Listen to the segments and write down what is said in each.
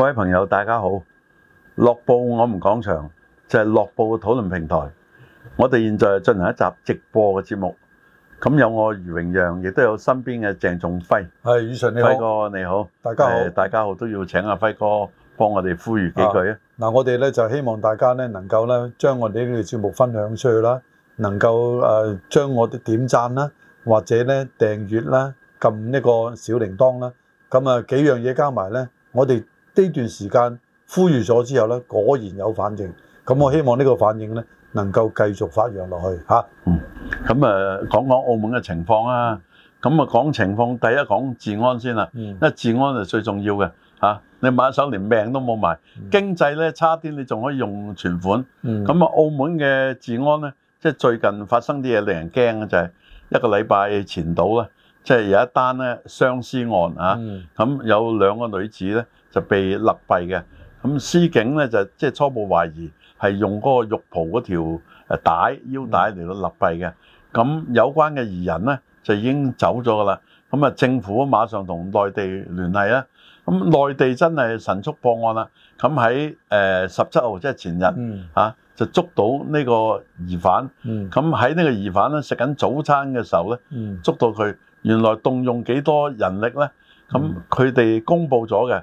.各位朋友，大家好！《樂報》我們講場，就係《樂報》嘅討論平台。我哋現在進行一集直播嘅節目。咁有我余榮讓，亦都有身邊嘅鄭仲輝。係余常你好，輝哥你好，大家好、哎，大家好，大家好都要請阿輝哥幫我哋呼籲幾句啊！嗱，我哋咧就希望大家咧能夠咧將我哋呢個節目分享出去啦，能夠誒將我哋點讚啦，或者咧訂閱啦，撳呢個小鈴鐺啦，咁啊幾樣嘢加埋咧，我哋。呢段時間呼籲咗之後咧，果然有反應。咁我希望呢個反應咧能夠繼續發揚落去嚇。嗯，咁誒講講澳門嘅情況啊。咁啊講情況，第一講治安先啦。嗯，因為治安係最重要嘅吓、啊、你買手連命都冇埋，經濟咧差啲你仲可以用存款。咁啊、嗯、澳門嘅治安咧，即係最近發生啲嘢令人驚嘅就係、是、一個禮拜前到呢，即係有一單咧雙屍案嚇。咁、啊嗯、有兩個女子咧。就被勒斃嘅，咁司警咧就即、是、係初步懷疑係用嗰個浴袍嗰條帶腰帶嚟到勒斃嘅。咁有關嘅疑人咧就已經走咗噶啦。咁啊，政府馬上同內地聯繫啦。咁內地真係神速破案啦。咁喺誒十七號即係、就是、前日、嗯啊、就捉到呢個疑犯。咁喺呢個疑犯咧食緊早餐嘅時候咧、嗯、捉到佢，原來動用幾多人力咧？咁佢哋公布咗嘅。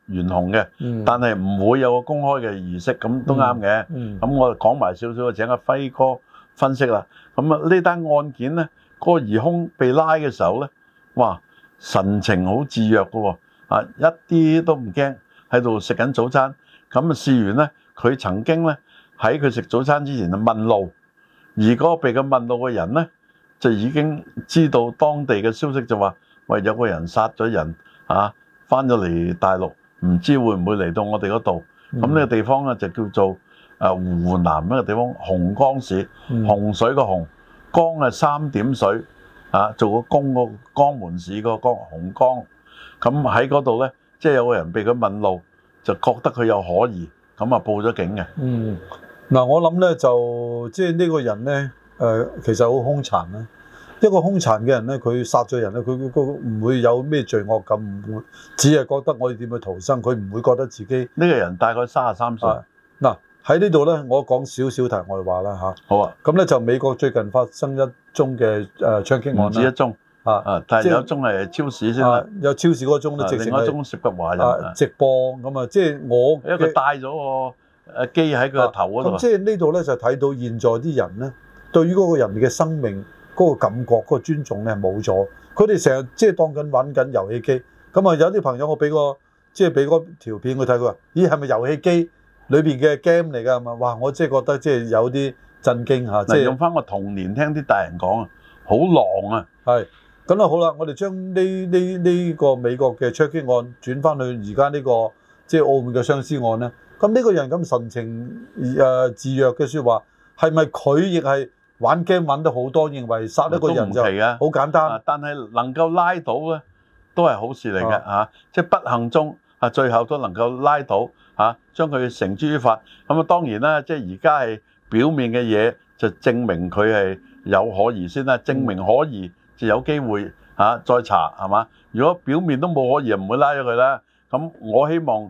圓紅嘅，但係唔會有個公開嘅儀式，咁都啱嘅。咁、嗯嗯、我講埋少少，請阿輝哥分析啦。咁啊，呢單案件咧，個疑兇被拉嘅時候咧，哇，神情好自若嘅喎，啊，一啲都唔驚，喺度食緊早餐。咁啊，事緣咧，佢曾經咧喺佢食早餐之前就問路，而嗰個被佢問路嘅人咧，就已經知道當地嘅消息就話，就話喂有個人殺咗人啊，翻咗嚟大陸。唔知會唔會嚟到我哋嗰度？咁呢個地方咧就叫做誒湖南一個地方，洪江市，洪水個洪江係三點水啊，做個江江門市個江洪江。咁喺嗰度咧，即係有個人被佢問路，就覺得佢有可疑，咁啊報咗警嘅。嗯，嗱我諗咧就即係呢個人咧，呃，其實好兇殘啦。一個兇殘嘅人咧，佢殺咗人咧，佢佢唔會有咩罪惡感，唔會只係覺得我哋點去逃生，佢唔會覺得自己呢個人大概三十三歲。嗱喺呢度咧，我講少少題外話啦吓，好啊，咁咧就美國最近發生一宗嘅誒槍擊案。唔、呃、一宗啊啊，是但係有宗係超市先啦是。有超市嗰宗咧，另外一宗涉及華人。啊、直播咁啊，即係我因為佢戴咗個誒機喺佢個頭嗰度。咁即係呢度咧，就睇到現在啲人咧，對於嗰個人嘅生命。嗰個感覺，嗰、嗰個尊重咧冇咗。佢哋成日即係當緊玩緊遊戲機。咁啊有啲朋友我俾個即係俾嗰條片佢睇，佢話：咦係咪遊戲機裏邊嘅 game 嚟㗎？咁啊哇！我即係覺得即係有啲震驚嚇。即係用翻我童年聽啲大人講啊，好狼啊，係咁啊，好啦，我哋將呢呢呢個美國嘅槍擊案轉翻去而家呢個即係澳門嘅雙屍案咧。咁呢個人咁神情誒、呃、自若嘅説話，係咪佢亦係？玩 game 玩得好多，認為殺一個人就好簡單。但係能夠拉到咧，都係好事嚟嘅嚇。即係的、啊就是、不幸中啊，最後都能夠拉到嚇、啊，將佢繩之於法。咁啊，當然啦，即係而家係表面嘅嘢就證明佢係有可疑先啦。啊嗯、證明可疑就有機會嚇、啊、再查係嘛。如果表面都冇可疑，唔會拉咗佢啦。咁我希望，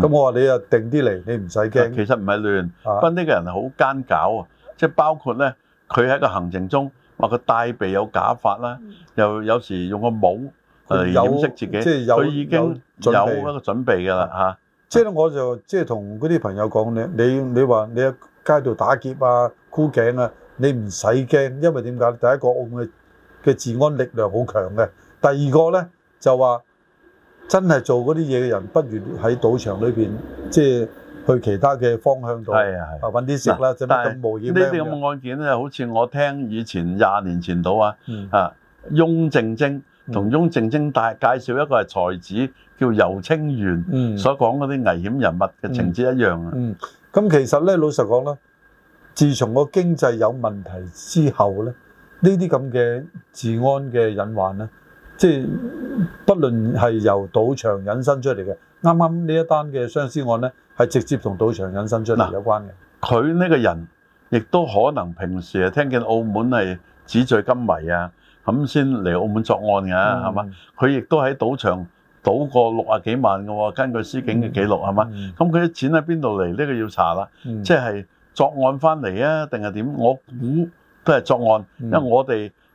咁、嗯、我話你又定啲嚟，你唔使驚。其實唔係亂，斌呢、啊、個人好奸狡啊！即係包括咧，佢喺個行程中話佢帶備有假髮啦，又有時用個帽嚟掩飾自己。即係有，即、就、係、是、有已經有一個準備㗎啦、啊啊、即係我就即係同嗰啲朋友講你你話你喺街度打劫啊、箍頸啊，你唔使驚，因為點解？第一個澳門嘅治安力量好強嘅，第二個咧就話。真係做嗰啲嘢嘅人，不如喺賭場裏面，即係去其他嘅方向度，的啊揾啲食啦，整啲咁冒險啲咁。你案件咧？好似我聽以前廿年前到、嗯、啊，啊翁靜晶同翁靜晶帶介紹一個係才子，叫游清源，嗯、所講嗰啲危險人物嘅情節一樣啊。咁、嗯嗯、其實咧，老實講啦，自從個經濟有問題之後咧，呢啲咁嘅治安嘅隱患咧。即係，不論係由賭場引申出嚟嘅，啱啱呢一單嘅雙屍案咧，係直接同賭場引申出嚟有關嘅。佢呢個人亦都可能平時係聽見澳門係紙醉金迷啊，咁先嚟澳門作案㗎，係嘛、嗯？佢亦都喺賭場賭過六啊幾萬嘅喎，根據司警嘅記錄係嘛？咁佢啲錢喺邊度嚟？呢、呢個要查啦。嗯、即係作案翻嚟啊，定係點？我估都係作案，因為我哋。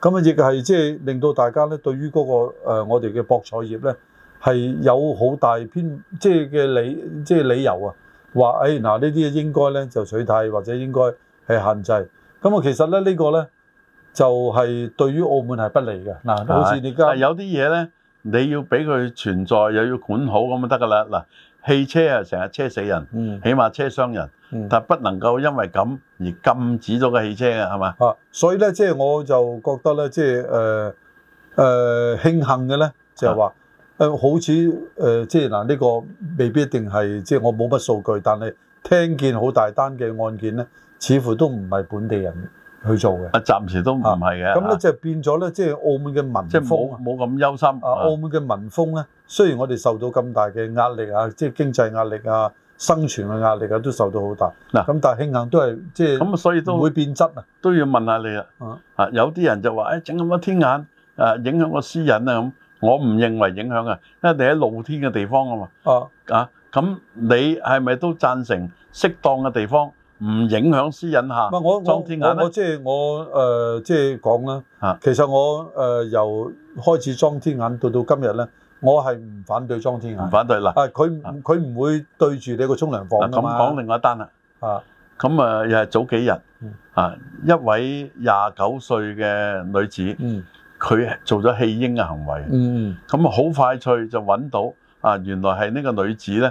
咁啊，亦係即係令到大家咧，對於嗰、那個、呃、我哋嘅博彩業咧，係有好大篇即係嘅理即、就是、理由啊！話誒嗱，呢、哎、啲應該咧就取締或者應該係限制。咁啊，其實咧呢、這個咧就係、是、對於澳門係不利嘅嗱。好似而家有啲嘢咧，你要俾佢存在又要管好咁就得㗎啦嗱。汽車啊，成日車死人，嗯、起碼車傷人，嗯、但不能夠因為咁而禁止咗個汽車嘅，係嘛？啊，所以咧，即係我就覺得咧，即係誒誒慶幸嘅咧，就係話誒好似誒即係嗱，呢個未必一定係即係我冇乜數據，但係聽見好大單嘅案件咧，似乎都唔係本地人。去做嘅，暫時都唔係嘅。咁咧就變咗咧，即係澳門嘅民風，冇冇咁憂心。啊，澳門嘅民風咧，雖然我哋受到咁大嘅壓力啊，即係經濟壓力啊、生存嘅壓力啊，都受到好大。嗱，咁但係慶幸都係即係唔會變質啊。都要問下你啊。啊，有啲人就話：誒整咁多天眼，誒影響個私隱啊咁。我唔認為影響啊，因為你喺露天嘅地方啊嘛。哦。啊，咁你係咪都贊成適當嘅地方？唔影響私隱下。唔係我裝天眼，我我我，即係我誒，即係講啦。其實我誒，由開始裝天眼到到今日咧，我係唔反對裝天眼。唔反對嗱。啊，佢佢唔會對住你個沖涼房㗎嘛。咁講另外一單啦。啊，咁啊又係早幾日啊，一位廿九歲嘅女子，佢做咗棄嬰嘅行為。嗯嗯。咁啊好快脆就揾到啊，原來係呢個女子咧。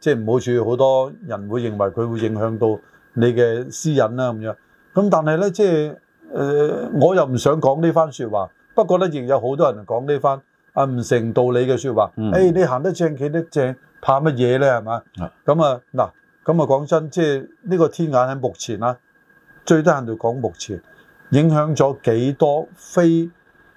即係唔好處，好多人會認為佢會影響到你嘅私隱啦咁樣。咁但係咧，即係誒，我又唔想講呢番説話。不過咧，仍有好多人講呢番啊，唔成道理嘅説話。誒、嗯欸，你行得正，企得正，怕乜嘢咧？係嘛？咁是的 啊嗱，咁啊講真，即係呢個天眼喺目前啊，最低限度講目前影響咗幾多非誒、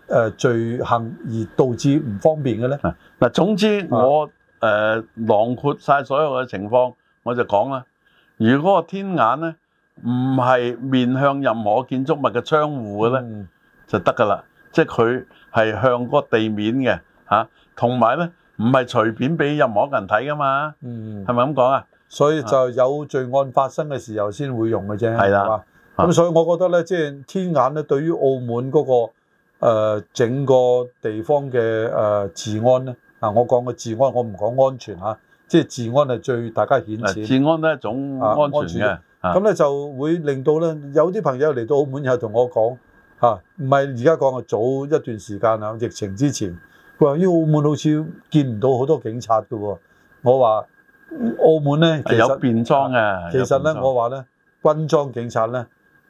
呃、罪行而導致唔方便嘅咧？嗱，總之我。啊誒、呃、囊括晒所有嘅情況，我就講啦。如果個天眼咧唔係面向任何建築物嘅窗戶嘅咧，嗯、就得㗎啦。即係佢係向嗰個地面嘅嚇，同埋咧唔係隨便俾任何人睇㗎嘛。嗯嗯，係咪咁講啊？所以就有罪案發生嘅時候先會用嘅啫。係啦，咁所以我覺得咧，即係天眼咧，對於澳門嗰、嗰個、呃、整個地方嘅誒、呃、治安咧。啊！我講個治安，我唔講安全嚇、啊，即係治安係最大家顯淺。治安都係一種安全嘅，咁咧、啊啊、就會令到咧有啲朋友嚟到澳門以後同我講嚇，唔係而家講嘅早一段時間啊，疫情之前，佢話咦澳門好似見唔到好多警察嘅喎，我話澳門咧其實有便裝嘅，其實咧我話咧軍裝警察咧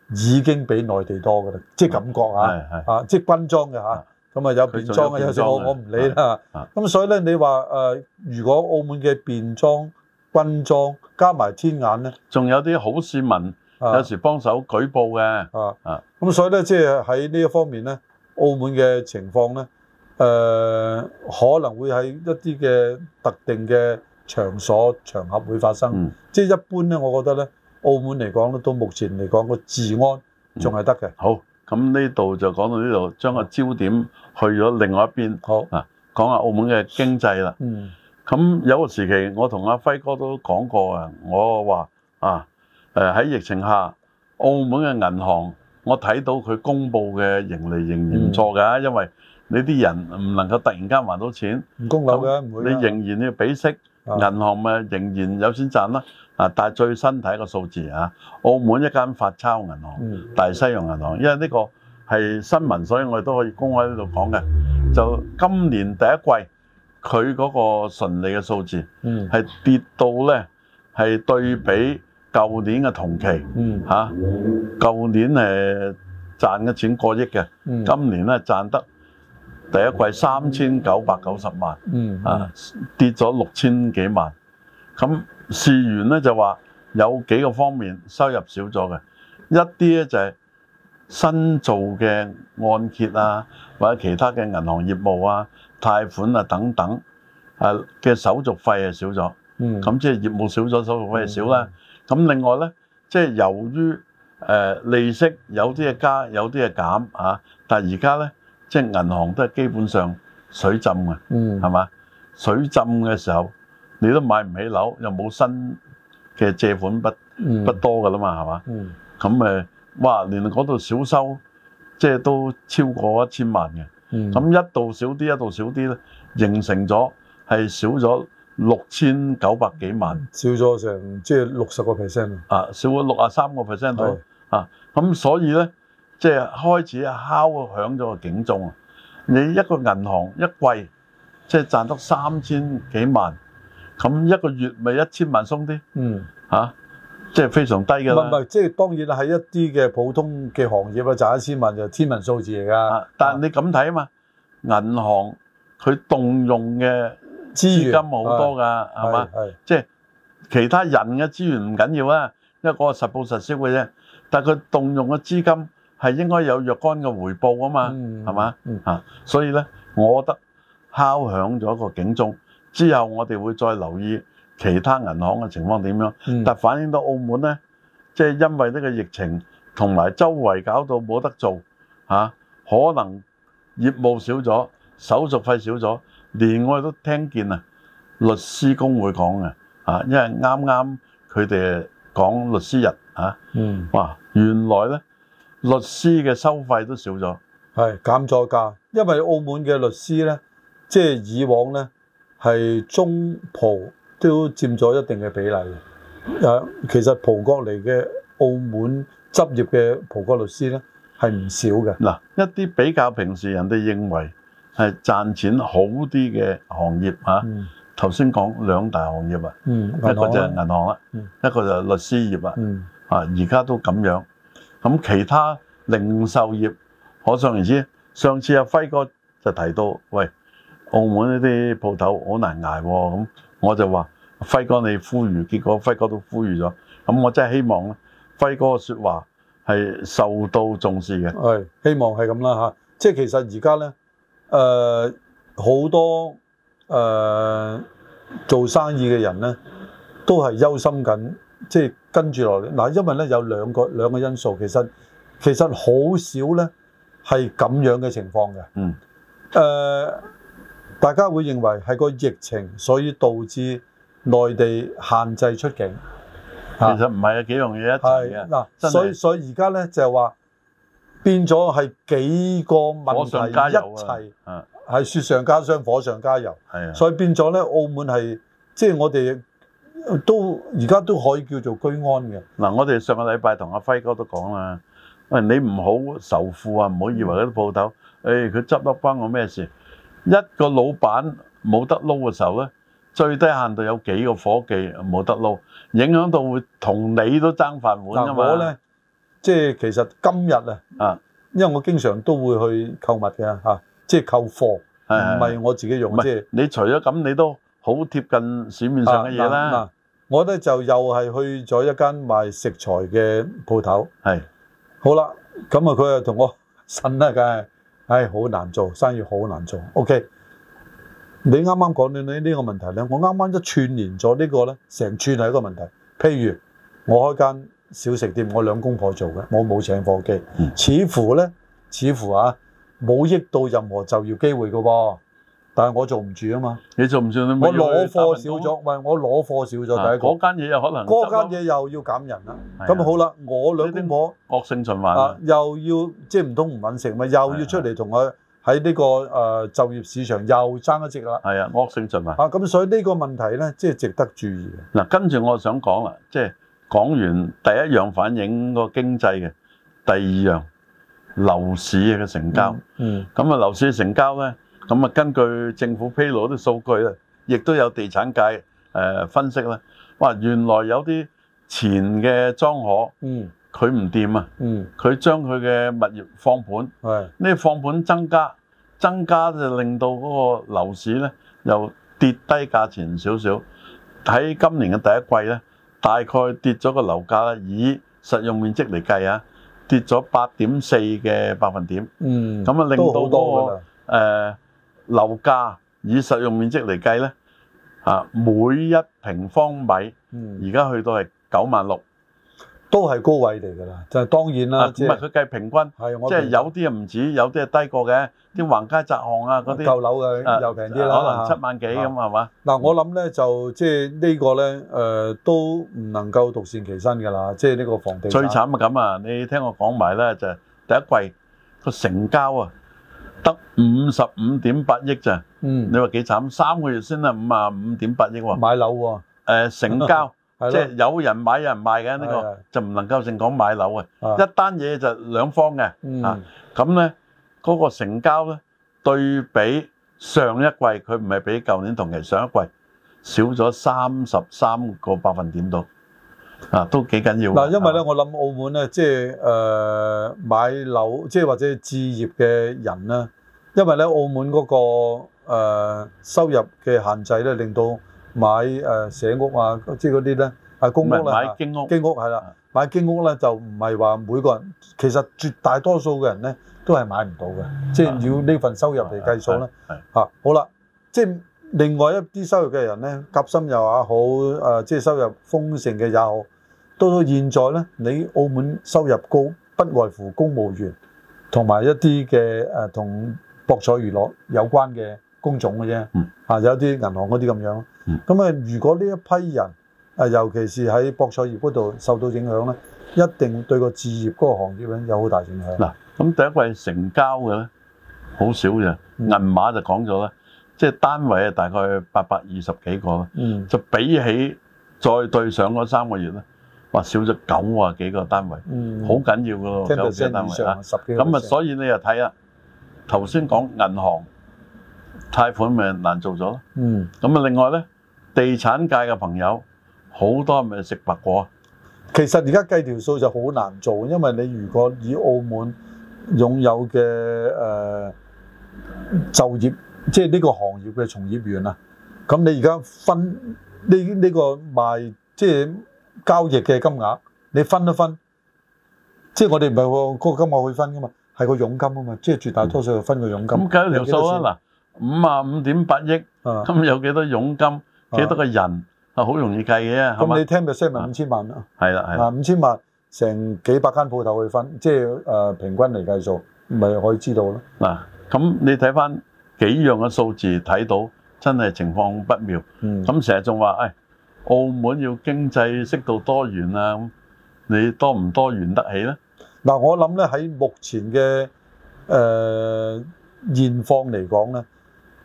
已經比內地多嘅啦，即係感覺嚇，是啊，是是啊，即係軍裝嘅嚇。咁啊有便裝嘅，有，有時候我我唔理啦。咁的所以咧，你話誒、呃，如果澳門嘅便裝、軍裝加埋天眼咧，仲有啲好市民的有時幫手舉報嘅。啊啊的！咁的所以咧，即係喺呢一方面咧，澳門嘅情況咧，誒、呃、可能會喺一啲嘅特定嘅場所場合會發生。即係、嗯、一般咧，我覺得咧，澳門嚟講咧，到目前嚟講個治安仲係得嘅。好。咁呢度就講到呢度，將個焦點去咗另外一邊。好啊，講下澳門嘅經濟啦。嗯，咁有個時期，我同阿輝哥都講過啊。我話啊，誒，喺疫情下，澳門嘅銀行，我睇到佢公布嘅盈利仍然唔錯㗎，嗯、因為你啲人唔能夠突然間還到錢，唔供樓㗎，唔會你仍然要俾息，啊、銀行咪仍然有錢賺啦。啊！但係最新睇個數字啊，澳門一間發鈔銀行，嗯、大西洋銀行，因為呢個係新聞，所以我哋都可以公開呢度講嘅。就今年第一季佢嗰個純利嘅數字係跌到咧，係對比舊年嘅同期嚇，舊、啊、年誒賺嘅錢過億嘅，嗯、今年咧賺得第一季三千九百九十萬啊，跌咗六千幾萬。咁事源咧就話有幾個方面收入少咗嘅，一啲咧就係新做嘅按揭啊，或者其他嘅銀行業務啊、貸款啊等等啊嘅手續費啊少咗，咁即係業務少咗，手續費少啦。咁、嗯、另外咧，即、就、係、是、由於誒、呃、利息有啲係加，有啲係減啊，但係而家咧即係銀行都係基本上水浸嘅，係嘛、嗯？水浸嘅時候。你都買唔起樓，又冇新嘅借款不不多㗎啦嘛，係嘛？咁誒，哇！連嗰度少收，即係都超過一千萬嘅。咁一度少啲，一度少啲咧，形成咗係少咗六千九百幾萬，少咗成即係六十個 percent 啊，少咗六十三個 percent 到啊。咁所以咧，即係開始敲響咗個警鐘啊！你一個銀行一季即係賺得三千幾萬。咁一個月咪一千萬鬆啲？嗯，嚇、啊，即係非常低㗎啦。唔係唔係即係當然係一啲嘅普通嘅行業啊，賺一千萬就天文數字嚟㗎、啊。但係你咁睇啊嘛，銀、啊、行佢動用嘅資金好多㗎，係嘛？啊、吧即係其他人嘅資源唔緊要啊，因為嗰個實報實銷嘅啫。但係佢動用嘅資金係應該有若干嘅回報㗎嘛，係嘛？所以咧，我覺得敲響咗一個警鐘。之後我哋會再留意其他銀行嘅情況點樣，但反映到澳門呢，即係因為呢個疫情同埋周圍搞到冇得做嚇，可能業務少咗，手續費少咗，連我哋都聽見啊，律師公會講嘅嚇，因為啱啱佢哋講律師日嚇，哇，原來呢律師嘅收費都少咗，係減咗價，因為澳門嘅律師呢，即係以往呢。係中葡都佔咗一定嘅比例，啊，其實葡國嚟嘅澳門執業嘅葡國律師咧係唔少嘅。嗱，一啲比較平時人哋認為係賺錢好啲嘅行業、嗯、啊，頭先講兩大行業啊，嗯、銀一個就係銀行啦，嗯、一個就係律師業、嗯、啊，啊，而家都咁樣。咁其他零售業，可想而知。上次阿輝哥就提到，喂。澳門呢啲鋪頭好難捱喎，咁我就話輝哥你呼籲，結果輝哥都呼籲咗，咁我真係希望咧，輝哥嘅説話係受到重視嘅。係，希望係咁啦嚇，即係其實而家咧，誒、呃、好多誒、呃、做生意嘅人咧，都係憂心緊，即、就、係、是、跟住落嚟嗱，因為咧有兩個兩個因素，其實其實好少咧係咁樣嘅情況嘅。嗯。誒、呃。大家會認為係個疫情，所以導致內地限制出境。其實唔係啊，幾樣嘢一齊嘅嗱，所以所以而家咧就係話變咗係幾個問題一齊，係雪上加霜、火上加油。係啊嘅，所以變咗咧，澳門係即係我哋都而家都可以叫做居安嘅嗱。我哋上個禮拜同阿輝哥都講啦，喂，你唔好仇富啊！唔好以為嗰啲鋪頭，誒佢執笠關我咩事？一個老闆冇得撈嘅時候咧，最低限度有幾個夥計冇得撈，影響到會同你都爭飯碗。我咧，即係其實今日啊，因為我經常都會去購物嘅嚇，即係購貨，唔係我自己用先。你除咗咁，你都好貼近市面上嘅嘢啦。嗱，我咧就又係去咗一間賣食材嘅鋪頭。係，好啦，咁啊，佢又同我呻啦，梗係。唉，好、哎、難做生意，好難做。OK，你啱啱講到呢呢個問題咧，我啱啱一串聯咗呢個咧，成串係一個問題。譬如我開間小食店，我兩公婆做嘅，我冇請夥計，似乎咧，似乎啊，冇益到任何就業機會嘅喎、哦。但係我做唔住啊嘛！你做唔住，你咪要你收緊。我攞貨少咗，唔係我攞貨少咗。第一個嗰間嘢有可能，嗰間嘢又要減人啦。咁好啦，我兩公婆惡性循環啦，又要即係唔通唔揾食咪又要出嚟同佢喺呢個誒就業市場又爭一席啦。係啊，惡性循環。啊，咁所以呢個問題咧，即係值得注意嘅。嗱，跟住我想講啦，即係講完第一樣反映個經濟嘅，第二樣樓市嘅成交。嗯。咁啊，樓市嘅成交咧。咁啊，根據政府披露啲數據咧，亦都有地產界誒分析咧。哇，原來有啲前嘅莊可，嗯，佢唔掂啊，嗯，佢將佢嘅物業放盤，係呢放盤增加，增加就令到嗰個樓市咧又跌低價錢少少。喺今年嘅第一季咧，大概跌咗個樓價啦，以實用面積嚟計啊，跌咗八點四嘅百分點。嗯，咁啊令到個誒。樓價以實用面積嚟計咧，啊，每一平方米而家去到係九萬六，都係高位嚟㗎啦。就係當然啦，即係唔係佢計平均，即係有啲啊唔止，有啲係低過嘅，啲橫街窄巷啊嗰啲舊樓嘅又平啲啦，可能七萬幾咁係嘛？嗱，我諗咧就即係呢個咧誒都唔能夠獨善其身㗎啦，即係呢個房地產最慘啊咁啊！你聽我講埋咧就第一季個成交啊。得五十五點八億咋？嗯，你話幾慘？三個月先得五啊五點八億喎，買樓喎。誒，成交即係有人買有人賣嘅呢個，就唔能夠淨講買樓啊。一單嘢就兩方嘅啊，咁咧嗰個成交咧對比上一季，佢唔係比舊年同期上一季少咗三十三個百分點度。嗱、啊，都幾緊要的。嗱，因為咧，我諗澳門咧，即係誒、呃、買樓，即係或者置業嘅人咧，因為咧澳門嗰、嗰個、呃、收入嘅限制咧，令到買誒社、呃、屋啊，即係嗰啲咧，啊公屋咧、啊啊，買經屋呢，經屋係啦，買經屋咧就唔係話每個人，其實絕大多數嘅人咧都係買唔到嘅，是的即係要呢份收入嚟計數咧。係、啊、好啦，即係另外一啲收入嘅人咧，夾心又話好，誒即係收入豐盛嘅也好。呃到到現在咧，你澳門收入高，不外乎公務員同埋一啲嘅誒同博彩娛樂有關嘅工種嘅啫。嗯、啊，有啲銀行嗰啲咁樣。咁啊、嗯，如果呢一批人啊，尤其是喺博彩業嗰度受到影響咧，一定對個置業嗰個行業咧有好大影響。嗱，咁第一個係成交嘅咧，好少嘅銀碼就講咗啦，即係單位啊，大概八百二十幾個啦，就比起再對上嗰三個月咧。話少咗九啊幾個單位，好緊要嘅咯，九個單位啊，十幾個咁啊，所以你又睇啦。頭先講銀行貸款咪難做咗咯，嗯。咁啊，另外咧，地產界嘅朋友好多咪食白果。其實而家計條數就好難做，因為你如果以澳門擁有嘅誒就業，即係呢個行業嘅從業員啊，咁你而家分呢呢個賣即係。交易嘅金額，你分一分，即係我哋唔係個嗰個金額去分噶嘛，係個佣金啊嘛，即係絕大多數去分個佣金。咁梗係有數啦，嗱，五啊五點八億，咁有幾多佣金，幾多個人，啊好容易計嘅，咁你聽就 share 埋五千萬啊，係啦係，啊五千萬成幾百間鋪頭去分，即係誒平均嚟計數，咪可以知道咯。嗱，咁你睇翻幾樣嘅數字睇到，真係情況不妙，咁成日仲話誒。澳門要經濟適度多元啊！你多唔多元得起咧？嗱，我諗咧喺目前嘅誒現況嚟講咧，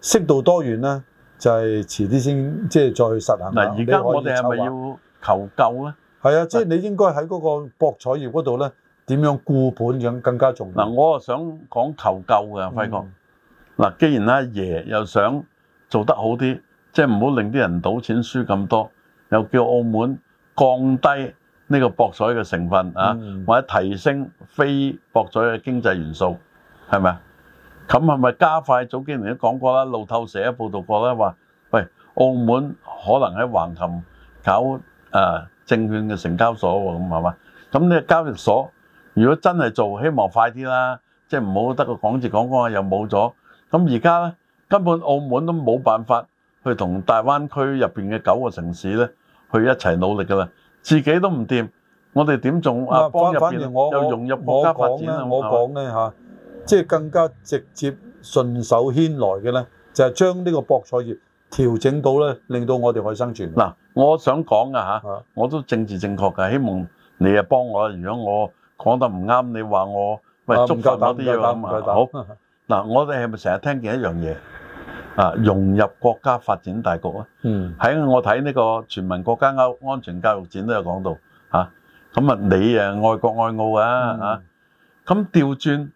適度多元咧就係遲啲先，即係再去實行。嗱，而家我哋係咪要求救咧？係啊，即係你應該喺嗰個博彩業嗰度咧，點樣固本咁更加重要？嗱，我又想講求救嘅輝哥。嗱，既然阿爺又想做得好啲，即係唔好令啲人賭錢輸咁多。又叫澳門降低呢個博彩嘅成分啊，嗯、或者提升非博彩嘅經濟元素，係咪啊？咁係咪加快？早幾年都講過啦，路透社一報道過咧，話喂澳門可能喺橫琴搞誒、呃、證券嘅成交所喎、啊，咁係嘛？咁你交易所如果真係做，希望快啲啦，即係唔好得個講字講講又冇咗。咁而家咧根本澳門都冇辦法去同大灣區入面嘅九個城市咧。去一齊努力㗎啦，自己都唔掂，我哋點仲啊幫入我又融入國家發展，我講咧，即係更加直接順手牽來嘅咧，就係將呢個博彩業調整到咧，令到我哋可以生存。嗱，我想講嘅，我都政治正確㗎，希望你啊幫我。如果我講得唔啱，你話我喂，觸犯嗰啲嘢，好嗱，我哋係咪成日聽見一樣嘢？啊！融入國家發展大局啊！喺我睇呢個全民國家安安全教育展都有講到嚇。咁啊，你誒愛國愛澳啊嚇。咁調轉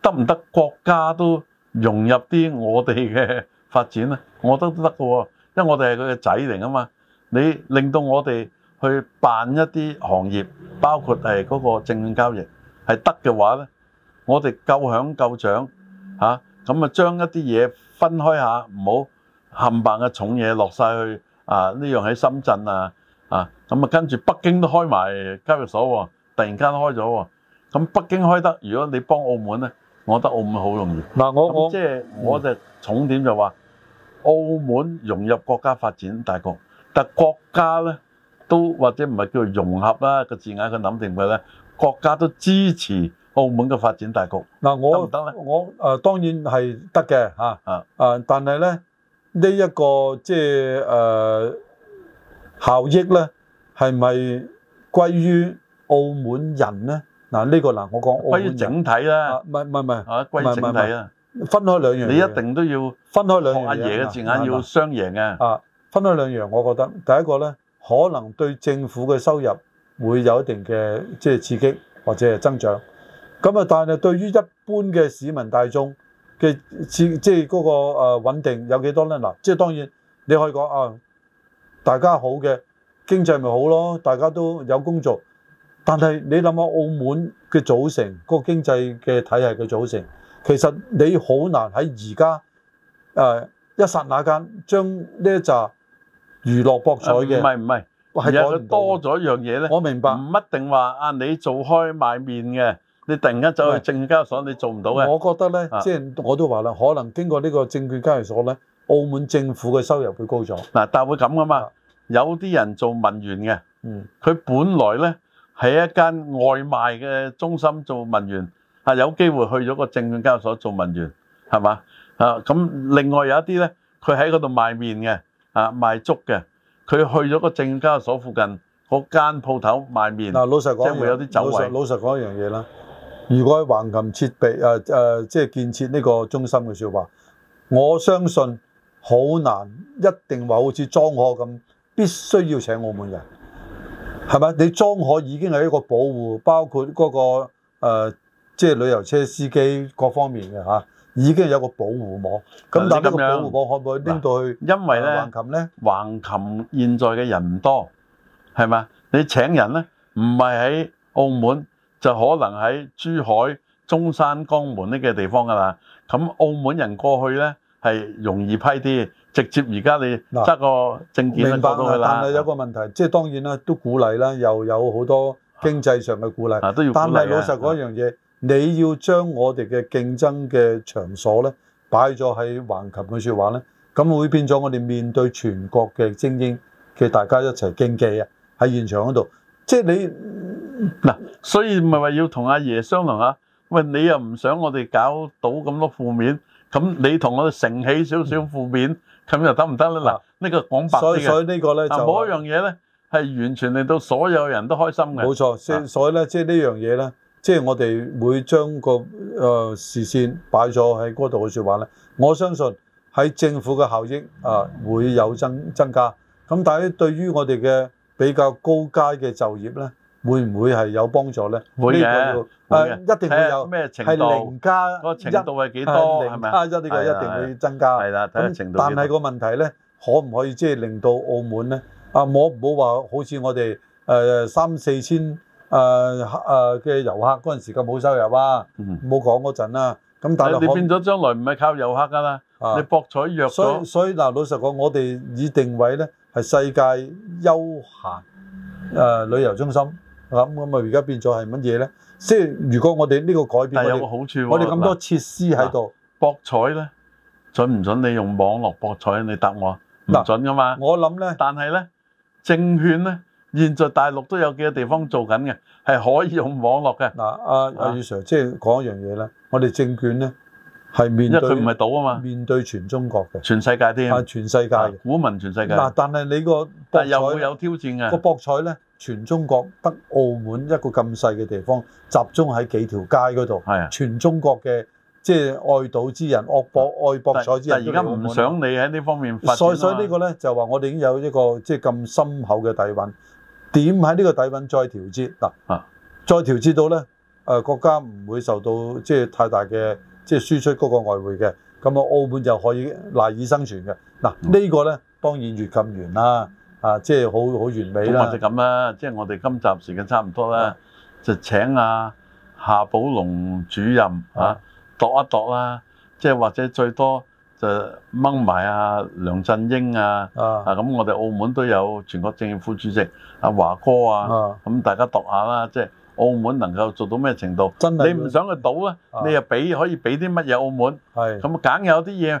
得唔得？國家都融入啲我哋嘅發展咧，我覺得都得㗎，因為我哋係佢嘅仔嚟啊嘛。你令到我哋去辦一啲行業，包括誒嗰個證券交易係得嘅話咧，我哋夠響夠獎嚇。咁啊，將一啲嘢。分開下，唔好冚唪唥重嘢落晒去啊！呢樣喺深圳啊，啊咁啊跟住北京都開埋交易所喎、啊，突然間開咗喎、啊。咁、啊、北京開得，如果你幫澳門咧，我覺得澳門好容易。嗱，我我即係我嘅重點就話、嗯、澳門融入國家發展大局，但國家咧都或者唔係叫做融合啦個字眼，佢諗定佢咧國家都支持。澳門嘅發展大局嗱，我我、呃、當然係得嘅嚇啊，但係咧呢一個即係、呃、效益咧，係咪歸於澳門人咧？嗱、這個，呢個嗱，我講歸於整體啦，唔係唔係唔係，歸、啊、整體啦、啊，分開兩樣你一定都要分開兩樣嘅，阿爺嘅字眼要雙贏嘅啊，啊！分開兩樣，我覺得第一個咧，可能對政府嘅收入會有一定嘅即係刺激或者係增長。咁啊！但係對於一般嘅市民大眾嘅，即係嗰個誒穩定有幾多咧？嗱，即係當然你可以講啊，大家好嘅經濟咪好咯，大家都有工作。但係你諗下澳門嘅組成，個經濟嘅體系嘅組成，其實你好難喺而家誒一剎那間將呢一扎娛樂博彩嘅唔係唔係嘢多咗一樣嘢咧？我明白，唔一定話啊，你做開賣麵嘅。你突然間走去證券交易所，你做唔到嘅。我覺得咧，即係我都話啦，可能經過呢個證券交易所咧，澳門政府嘅收入會高咗。嗱，但係會咁噶嘛？有啲人做文員嘅，佢本來咧喺一間外賣嘅中心做文員，啊，有機會去咗個證券交易所做文員，係嘛？啊，咁另外有一啲咧，佢喺嗰度賣麵嘅，啊賣粥嘅，佢去咗個證券交易所附近嗰間鋪頭賣麵，嗱老實講，即會有啲走勢，老實講一樣嘢啦。如果喺橫琴設備誒誒、啊呃，即係建設呢個中心嘅説話，我相信好難一定話好似莊荷咁，必須要請澳門人，係嘛？你莊荷已經係一個保護，包括嗰、那個、呃、即係旅遊車司機各方面嘅嚇、啊，已經係有一個保護網。咁但係呢個保護網可唔可以拎到去因為橫琴咧？橫琴現在嘅人唔多，係嘛？你請人咧，唔係喺澳門。就可能喺珠海、中山、江門呢個地方噶啦。咁澳門人過去呢係容易批啲，直接而家你執個證件明白，啦。但係有個問題，是即係當然啦，都鼓勵啦，又有好多經濟上嘅鼓勵、啊。都要鼓勵。但係老實講一樣嘢，是你要將我哋嘅競爭嘅場所呢擺咗喺橫琴嘅說話呢，咁會變咗我哋面對全國嘅精英嘅大家一齊競技啊，喺現場嗰度，即係你。嗱、啊，所以咪話要同阿爺商量下。喂，你又唔想我哋搞到咁多負面，咁你同我哋承起少少負面，咁又得唔得咧？嗱、啊，呢個講白咗所以所以個呢個咧、啊、就冇一樣嘢咧係完全令到所有人都開心嘅。冇錯，所以咧，即係、啊就是、呢樣嘢咧，即、就、係、是、我哋會將個誒、呃、視線擺咗喺嗰度嘅說話咧。我相信喺政府嘅效益啊會有增增加。咁但係對於我哋嘅比較高階嘅就業咧？會唔會係有幫助咧？會嘅，誒一定會有咩程度？係零加嗰個程度係幾多？係咪啊？呢個一定會增加。係啦，睇程度先。但係個問題咧，可唔可以即係令到澳門咧？啊，我唔好話好似我哋誒三四千誒客誒嘅遊客嗰陣時咁冇收入啊？唔好講嗰陣啦。咁但係你變咗，將來唔係靠遊客㗎啦。你博彩弱咗。所以所以嗱，老實講，我哋以定位咧係世界休閒誒旅遊中心。咁咁啊！而家變咗係乜嘢咧？即係如果我哋呢個改變，但有個好處，我哋咁多設施喺度博彩咧，準唔準你用網絡博彩？你答我，唔準噶嘛？我諗咧，但係咧，證券咧，現在大陸都有幾個地方做緊嘅，係可以用網絡嘅。嗱，阿阿雨 Sir，即係講一樣嘢啦，我哋證券咧係面對，因為佢唔係賭啊嘛，面對全中國嘅，全世界啲啊，全世界股民全世界。嗱，但係你個博彩又會有挑戰嘅個博彩咧。全中國得澳門一個咁細嘅地方，集中喺幾條街嗰度。係啊！全中國嘅即係愛賭之人，惡博愛博彩之人。但係而家唔想你喺呢方面發。所所以呢個咧就話我哋已經有一個即係咁深厚嘅底蘊，點喺呢個底蘊再調節嗱？啊！再調節到咧，誒國家唔會受到即係太大嘅即係輸出嗰個外匯嘅，咁啊澳門就可以賴以生存嘅。嗱呢個咧當然越禁越難。啊，即係好好完美啦！就咁啦，即係我哋今集時間差唔多啦，就請阿夏寶龍主任啊，度一度啦，即係或者最多就掹埋阿梁振英啊，啊咁我哋澳門都有全國政協副主席阿華哥啊，咁大家度下啦，即係澳門能夠做到咩程度？真係你唔想去賭咧？你又俾可以俾啲乜嘢澳門？係咁梗有啲嘢。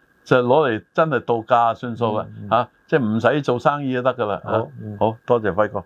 就攞嚟真係度假算數啦，即係唔使做生意就得㗎喇。好、嗯、好多謝輝哥。